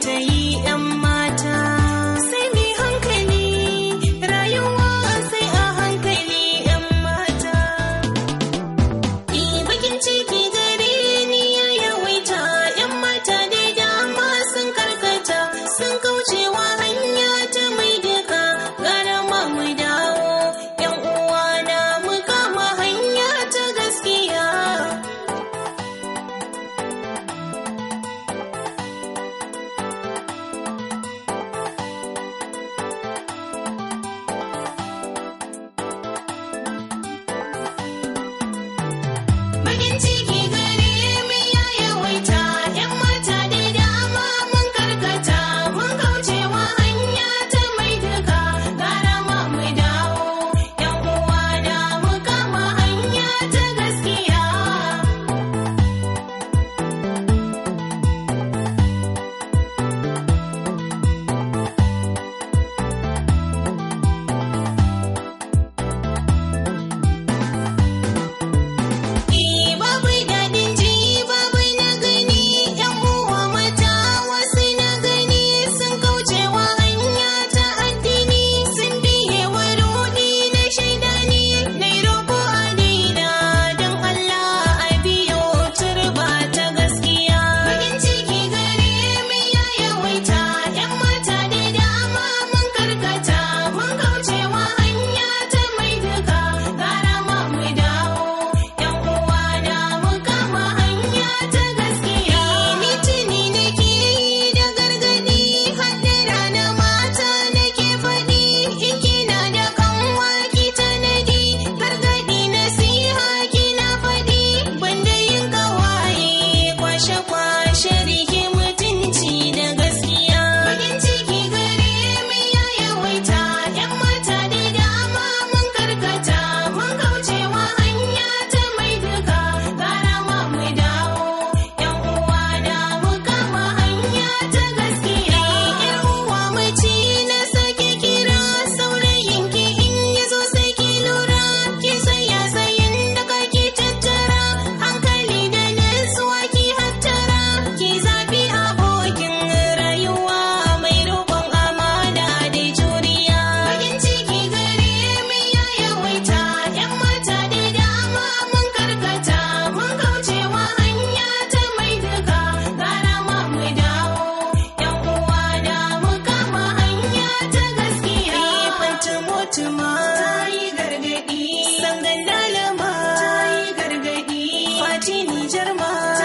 ta yi shi n i j e r ma.